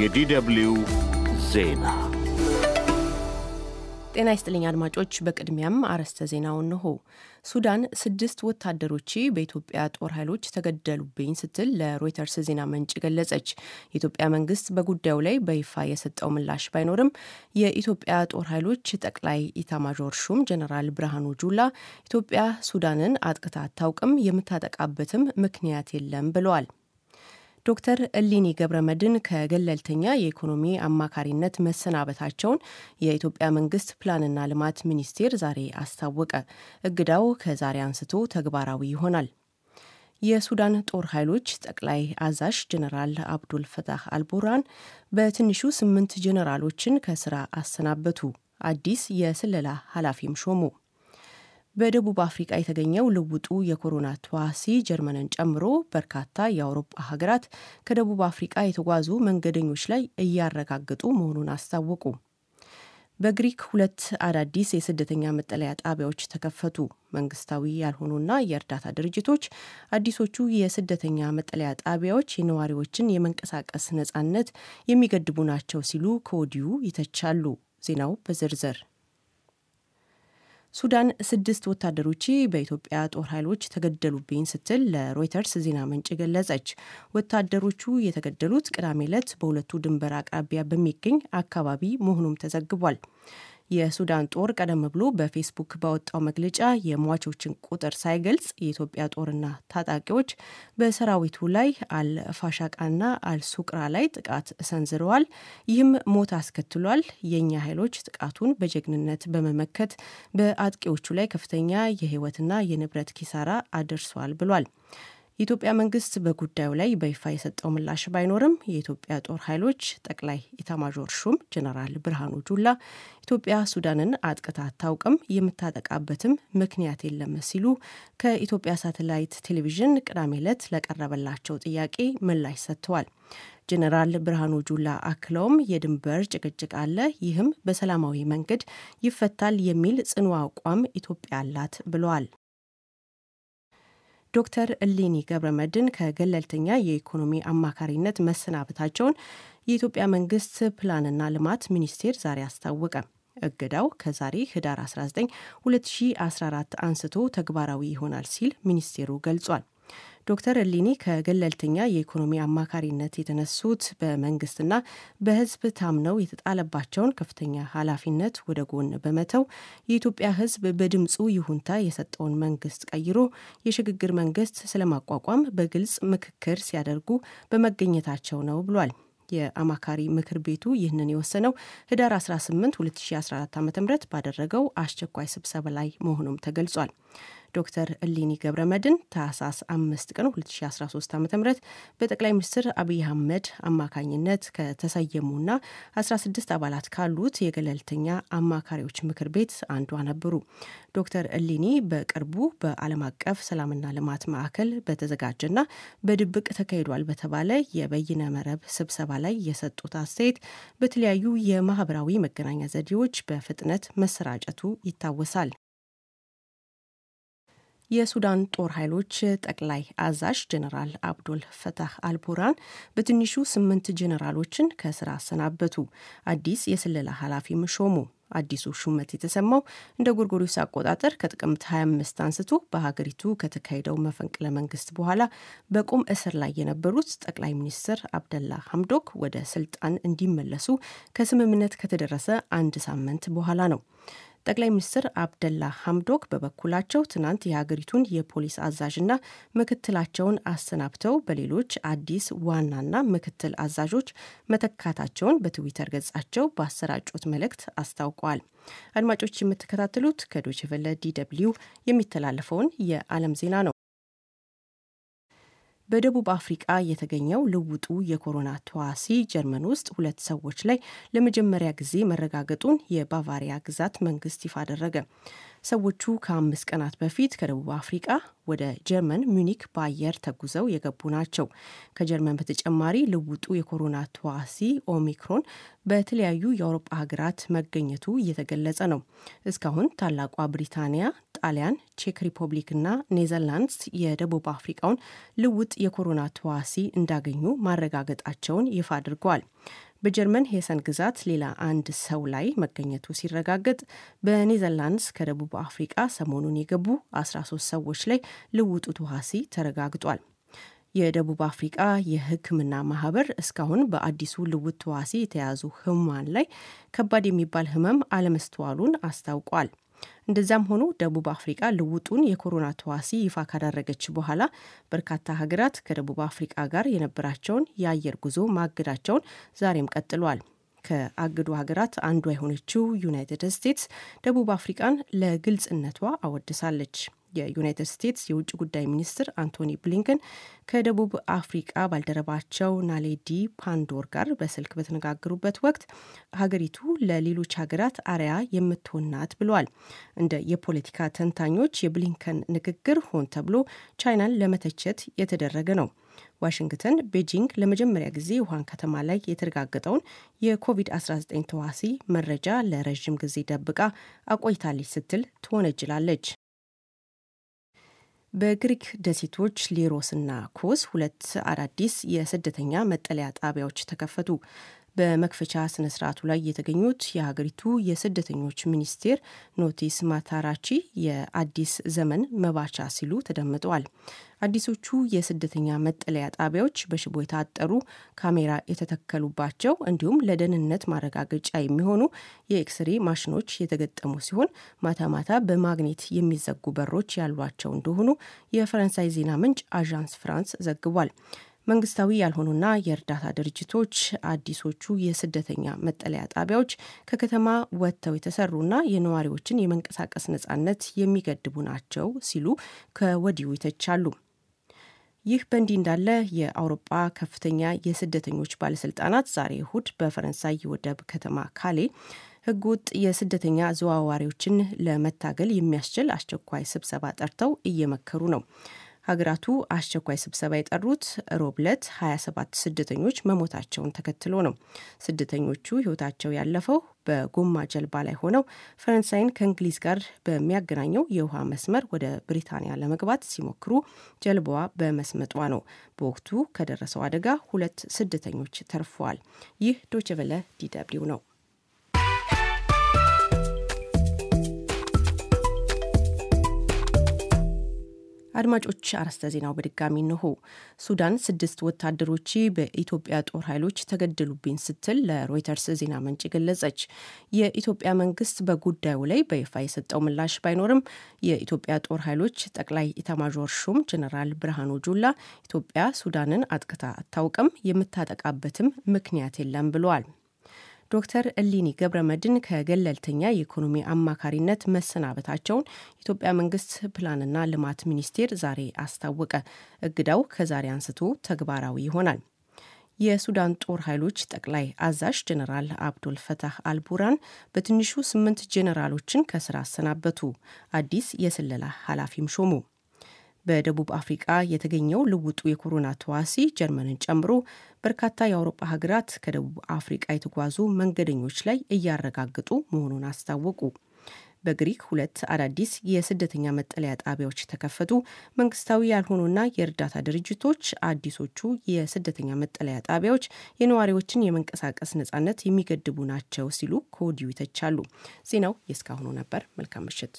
የዲደብልዩ ዜና ጤና ይስጥልኝ አድማጮች። በቅድሚያም አርዕስተ ዜናውን እንሆ። ሱዳን ስድስት ወታደሮች በኢትዮጵያ ጦር ኃይሎች ተገደሉብኝ ስትል ለሮይተርስ ዜና ምንጭ ገለጸች። የኢትዮጵያ መንግስት በጉዳዩ ላይ በይፋ የሰጠው ምላሽ ባይኖርም የኢትዮጵያ ጦር ኃይሎች ጠቅላይ ኢታማዦር ሹም ጀነራል ብርሃኑ ጁላ ኢትዮጵያ ሱዳንን አጥቅታ አታውቅም፣ የምታጠቃበትም ምክንያት የለም ብለዋል። ዶክተር እሊኒ ገብረመድን ከገለልተኛ የኢኮኖሚ አማካሪነት መሰናበታቸውን የኢትዮጵያ መንግስት ፕላንና ልማት ሚኒስቴር ዛሬ አስታወቀ። እግዳው ከዛሬ አንስቶ ተግባራዊ ይሆናል። የሱዳን ጦር ኃይሎች ጠቅላይ አዛዥ ጀነራል አብዱል ፈታህ አልቡርሃን በትንሹ ስምንት ጀነራሎችን ከስራ አሰናበቱ። አዲስ የስለላ ኃላፊም ሾሙ። በደቡብ አፍሪቃ የተገኘው ልውጡ የኮሮና ተዋሲ ጀርመንን ጨምሮ በርካታ የአውሮፓ ሀገራት ከደቡብ አፍሪቃ የተጓዙ መንገደኞች ላይ እያረጋገጡ መሆኑን አስታወቁ። በግሪክ ሁለት አዳዲስ የስደተኛ መጠለያ ጣቢያዎች ተከፈቱ። መንግስታዊ ያልሆኑና የእርዳታ ድርጅቶች አዲሶቹ የስደተኛ መጠለያ ጣቢያዎች የነዋሪዎችን የመንቀሳቀስ ነጻነት የሚገድቡ ናቸው ሲሉ ከወዲሁ ይተቻሉ። ዜናው በዝርዝር ሱዳን ስድስት ወታደሮች በኢትዮጵያ ጦር ኃይሎች ተገደሉብኝ ስትል ለሮይተርስ ዜና ምንጭ ገለጸች። ወታደሮቹ የተገደሉት ቅዳሜ ዕለት በሁለቱ ድንበር አቅራቢያ በሚገኝ አካባቢ መሆኑም ተዘግቧል። የሱዳን ጦር ቀደም ብሎ በፌስቡክ ባወጣው መግለጫ የሟቾችን ቁጥር ሳይገልጽ የኢትዮጵያ ጦርና ታጣቂዎች በሰራዊቱ ላይ አልፋሻቃና አልሱቅራ ላይ ጥቃት ሰንዝረዋል። ይህም ሞት አስከትሏል። የእኛ ኃይሎች ጥቃቱን በጀግንነት በመመከት በአጥቂዎቹ ላይ ከፍተኛ የህይወትና የንብረት ኪሳራ አድርሷል ብሏል። የኢትዮጵያ መንግስት በጉዳዩ ላይ በይፋ የሰጠው ምላሽ ባይኖርም የኢትዮጵያ ጦር ኃይሎች ጠቅላይ ኢታማዦር ሹም ጀነራል ብርሃኑ ጁላ ኢትዮጵያ ሱዳንን አጥቅታ አታውቅም፣ የምታጠቃበትም ምክንያት የለም ሲሉ ከኢትዮጵያ ሳተላይት ቴሌቪዥን ቅዳሜ ዕለት ለቀረበላቸው ጥያቄ ምላሽ ሰጥተዋል። ጀነራል ብርሃኑ ጁላ አክለውም የድንበር ጭቅጭቅ አለ፣ ይህም በሰላማዊ መንገድ ይፈታል የሚል ጽኑ አቋም ኢትዮጵያ አላት ብለዋል። ዶክተር እሌኒ ገብረመድን ከገለልተኛ የኢኮኖሚ አማካሪነት መሰናበታቸውን የኢትዮጵያ መንግስት ፕላንና ልማት ሚኒስቴር ዛሬ አስታወቀ። እገዳው ከዛሬ ህዳር 19 2014 አንስቶ ተግባራዊ ይሆናል ሲል ሚኒስቴሩ ገልጿል። ዶክተር እሊኒ ከገለልተኛ የኢኮኖሚ አማካሪነት የተነሱት በመንግስትና በህዝብ ታምነው የተጣለባቸውን ከፍተኛ ኃላፊነት ወደ ጎን በመተው የኢትዮጵያ ህዝብ በድምፁ ይሁንታ የሰጠውን መንግስት ቀይሮ የሽግግር መንግስት ስለማቋቋም በግልጽ ምክክር ሲያደርጉ በመገኘታቸው ነው ብሏል። የአማካሪ ምክር ቤቱ ይህንን የወሰነው ህዳር 18 2014 ዓ ም ባደረገው አስቸኳይ ስብሰባ ላይ መሆኑም ተገልጿል። ዶክተር እሊኒ ገብረ መድን ታህሳስ አምስት ቀን 2013 ዓ ም በጠቅላይ ሚኒስትር አብይ አህመድ አማካኝነት ከተሰየሙና 16 አባላት ካሉት የገለልተኛ አማካሪዎች ምክር ቤት አንዷ ነበሩ። ዶክተር እሊኒ በቅርቡ በዓለም አቀፍ ሰላምና ልማት ማዕከል በተዘጋጀና በድብቅ ተካሂዷል በተባለ የበይነ መረብ ስብሰባ ላይ የሰጡት አስተያየት በተለያዩ የማህበራዊ መገናኛ ዘዴዎች በፍጥነት መሰራጨቱ ይታወሳል። የሱዳን ጦር ኃይሎች ጠቅላይ አዛዥ ጀነራል አብዶል ፈታህ አልቡራን በትንሹ ስምንት ጀነራሎችን ከስራ አሰናበቱ። አዲስ የስለላ ኃላፊም ሾሙ። አዲሱ ሹመት የተሰማው እንደ ጎርጎሪስ አቆጣጠር ከጥቅምት 25 አንስቶ በሀገሪቱ ከተካሄደው መፈንቅለ መንግስት በኋላ በቁም እስር ላይ የነበሩት ጠቅላይ ሚኒስትር አብደላ ሐምዶክ ወደ ስልጣን እንዲመለሱ ከስምምነት ከተደረሰ አንድ ሳምንት በኋላ ነው። ጠቅላይ ሚኒስትር አብደላ ሐምዶክ በበኩላቸው ትናንት የሀገሪቱን የፖሊስ አዛዥና ምክትላቸውን አሰናብተው በሌሎች አዲስ ዋናና ምክትል አዛዦች መተካታቸውን በትዊተር ገጻቸው በአሰራጮት መልእክት አስታውቋል። አድማጮች የምትከታተሉት ከዶችቨለ ዲ ደብልዩ የሚተላለፈውን የዓለም ዜና ነው። በደቡብ አፍሪቃ የተገኘው ልውጡ የኮሮና ተዋሲ ጀርመን ውስጥ ሁለት ሰዎች ላይ ለመጀመሪያ ጊዜ መረጋገጡን የባቫሪያ ግዛት መንግስት ይፋ አደረገ። ሰዎቹ ከአምስት ቀናት በፊት ከደቡብ አፍሪቃ ወደ ጀርመን ሚኒክ በአየር ተጉዘው የገቡ ናቸው። ከጀርመን በተጨማሪ ልውጡ የኮሮና ተዋሲ ኦሚክሮን በተለያዩ የአውሮፓ ሀገራት መገኘቱ እየተገለጸ ነው። እስካሁን ታላቋ ብሪታንያ ጣሊያን፣ ቼክ ሪፐብሊክና ኔዘርላንድስ የደቡብ አፍሪቃውን ልውጥ የኮሮና ተዋሲ እንዳገኙ ማረጋገጣቸውን ይፋ አድርገዋል። በጀርመን ሄሰን ግዛት ሌላ አንድ ሰው ላይ መገኘቱ ሲረጋገጥ በኔዘርላንድስ ከደቡብ አፍሪቃ ሰሞኑን የገቡ 13 ሰዎች ላይ ልውጡ ተዋሲ ተረጋግጧል። የደቡብ አፍሪቃ የሕክምና ማህበር እስካሁን በአዲሱ ልውጥ ተዋሲ የተያዙ ህሙማን ላይ ከባድ የሚባል ህመም አለመስተዋሉን አስታውቋል። እንደዚያም ሆኖ ደቡብ አፍሪቃ ልውጡን የኮሮና ተዋሲ ይፋ ካደረገች በኋላ በርካታ ሀገራት ከደቡብ አፍሪቃ ጋር የነበራቸውን የአየር ጉዞ ማገዳቸውን ዛሬም ቀጥሏል። ከአገዱ ሀገራት አንዷ የሆነችው ዩናይትድ ስቴትስ ደቡብ አፍሪቃን ለግልጽነቷ አወድሳለች። የዩናይትድ ስቴትስ የውጭ ጉዳይ ሚኒስትር አንቶኒ ብሊንከን ከደቡብ አፍሪቃ ባልደረባቸው ናሌዲ ፓንዶር ጋር በስልክ በተነጋገሩበት ወቅት ሀገሪቱ ለሌሎች ሀገራት አርያ የምትሆናት ብለዋል። እንደ የፖለቲካ ተንታኞች የብሊንከን ንግግር ሆን ተብሎ ቻይናን ለመተቸት የተደረገ ነው። ዋሽንግተን ቤጂንግ ለመጀመሪያ ጊዜ ውሃን ከተማ ላይ የተረጋገጠውን የኮቪድ-19 ተዋሲ መረጃ ለረዥም ጊዜ ደብቃ አቆይታለች ስትል ትወነጅላለች። በግሪክ ደሴቶች ሌሮስና ኮስ ሁለት አዳዲስ የስደተኛ መጠለያ ጣቢያዎች ተከፈቱ። በመክፈቻ ስነ ስርዓቱ ላይ የተገኙት የሀገሪቱ የስደተኞች ሚኒስቴር ኖቲስ ማታራቺ የአዲስ ዘመን መባቻ ሲሉ ተደምጠዋል። አዲሶቹ የስደተኛ መጠለያ ጣቢያዎች በሽቦ የታጠሩ፣ ካሜራ የተተከሉባቸው እንዲሁም ለደህንነት ማረጋገጫ የሚሆኑ የኤክስሬ ማሽኖች የተገጠሙ ሲሆን ማታ ማታ በማግኔት የሚዘጉ በሮች ያሏቸው እንደሆኑ የፈረንሳይ ዜና ምንጭ አዣንስ ፍራንስ ዘግቧል። መንግስታዊ ያልሆኑና የእርዳታ ድርጅቶች አዲሶቹ የስደተኛ መጠለያ ጣቢያዎች ከከተማ ወጥተው የተሰሩና የነዋሪዎችን የመንቀሳቀስ ነጻነት የሚገድቡ ናቸው ሲሉ ከወዲሁ ይተቻሉ። ይህ በእንዲህ እንዳለ የአውሮጳ ከፍተኛ የስደተኞች ባለስልጣናት ዛሬ እሁድ በፈረንሳይ የወደብ ከተማ ካሌ ህግ ወጥ የስደተኛ ዘዋዋሪዎችን ለመታገል የሚያስችል አስቸኳይ ስብሰባ ጠርተው እየመከሩ ነው። ሀገራቱ አስቸኳይ ስብሰባ የጠሩት ሮብለት 27 ስደተኞች መሞታቸውን ተከትሎ ነው። ስደተኞቹ ህይወታቸው ያለፈው በጎማ ጀልባ ላይ ሆነው ፈረንሳይን ከእንግሊዝ ጋር በሚያገናኘው የውሃ መስመር ወደ ብሪታንያ ለመግባት ሲሞክሩ ጀልባዋ በመስመጧ ነው። በወቅቱ ከደረሰው አደጋ ሁለት ስደተኞች ተርፈዋል። ይህ ዶችቨለ ዲደብሊው ነው። አድማጮች አርዕስተ ዜናው በድጋሚ እንሆ። ሱዳን ስድስት ወታደሮች በኢትዮጵያ ጦር ኃይሎች ተገደሉብኝ ስትል ለሮይተርስ ዜና ምንጭ ገለጸች። የኢትዮጵያ መንግስት በጉዳዩ ላይ በይፋ የሰጠው ምላሽ ባይኖርም የኢትዮጵያ ጦር ኃይሎች ጠቅላይ ኢታማዦር ሹም ጀነራል ብርሃኑ ጁላ ኢትዮጵያ ሱዳንን አጥቅታ አታውቅም፣ የምታጠቃበትም ምክንያት የለም ብለዋል። ዶክተር እሊኒ ገብረመድን ከገለልተኛ የኢኮኖሚ አማካሪነት መሰናበታቸውን የኢትዮጵያ መንግስት ፕላንና ልማት ሚኒስቴር ዛሬ አስታወቀ። እግዳው ከዛሬ አንስቶ ተግባራዊ ይሆናል። የሱዳን ጦር ኃይሎች ጠቅላይ አዛዥ ጀነራል አብዶል ፈታህ አልቡራን በትንሹ ስምንት ጀነራሎችን ከስራ አሰናበቱ። አዲስ የስለላ ኃላፊም ሾሙ። በደቡብ አፍሪቃ የተገኘው ልውጡ የኮሮና ተዋሲ ጀርመንን ጨምሮ በርካታ የአውሮፓ ሀገራት ከደቡብ አፍሪቃ የተጓዙ መንገደኞች ላይ እያረጋገጡ መሆኑን አስታወቁ። በግሪክ ሁለት አዳዲስ የስደተኛ መጠለያ ጣቢያዎች ተከፈቱ። መንግስታዊ ያልሆኑና የእርዳታ ድርጅቶች አዲሶቹ የስደተኛ መጠለያ ጣቢያዎች የነዋሪዎችን የመንቀሳቀስ ነጻነት የሚገድቡ ናቸው ሲሉ ከወዲሁ ይተቻሉ። ዜናው የእስካሁኑ ነበር። መልካም ምሽት።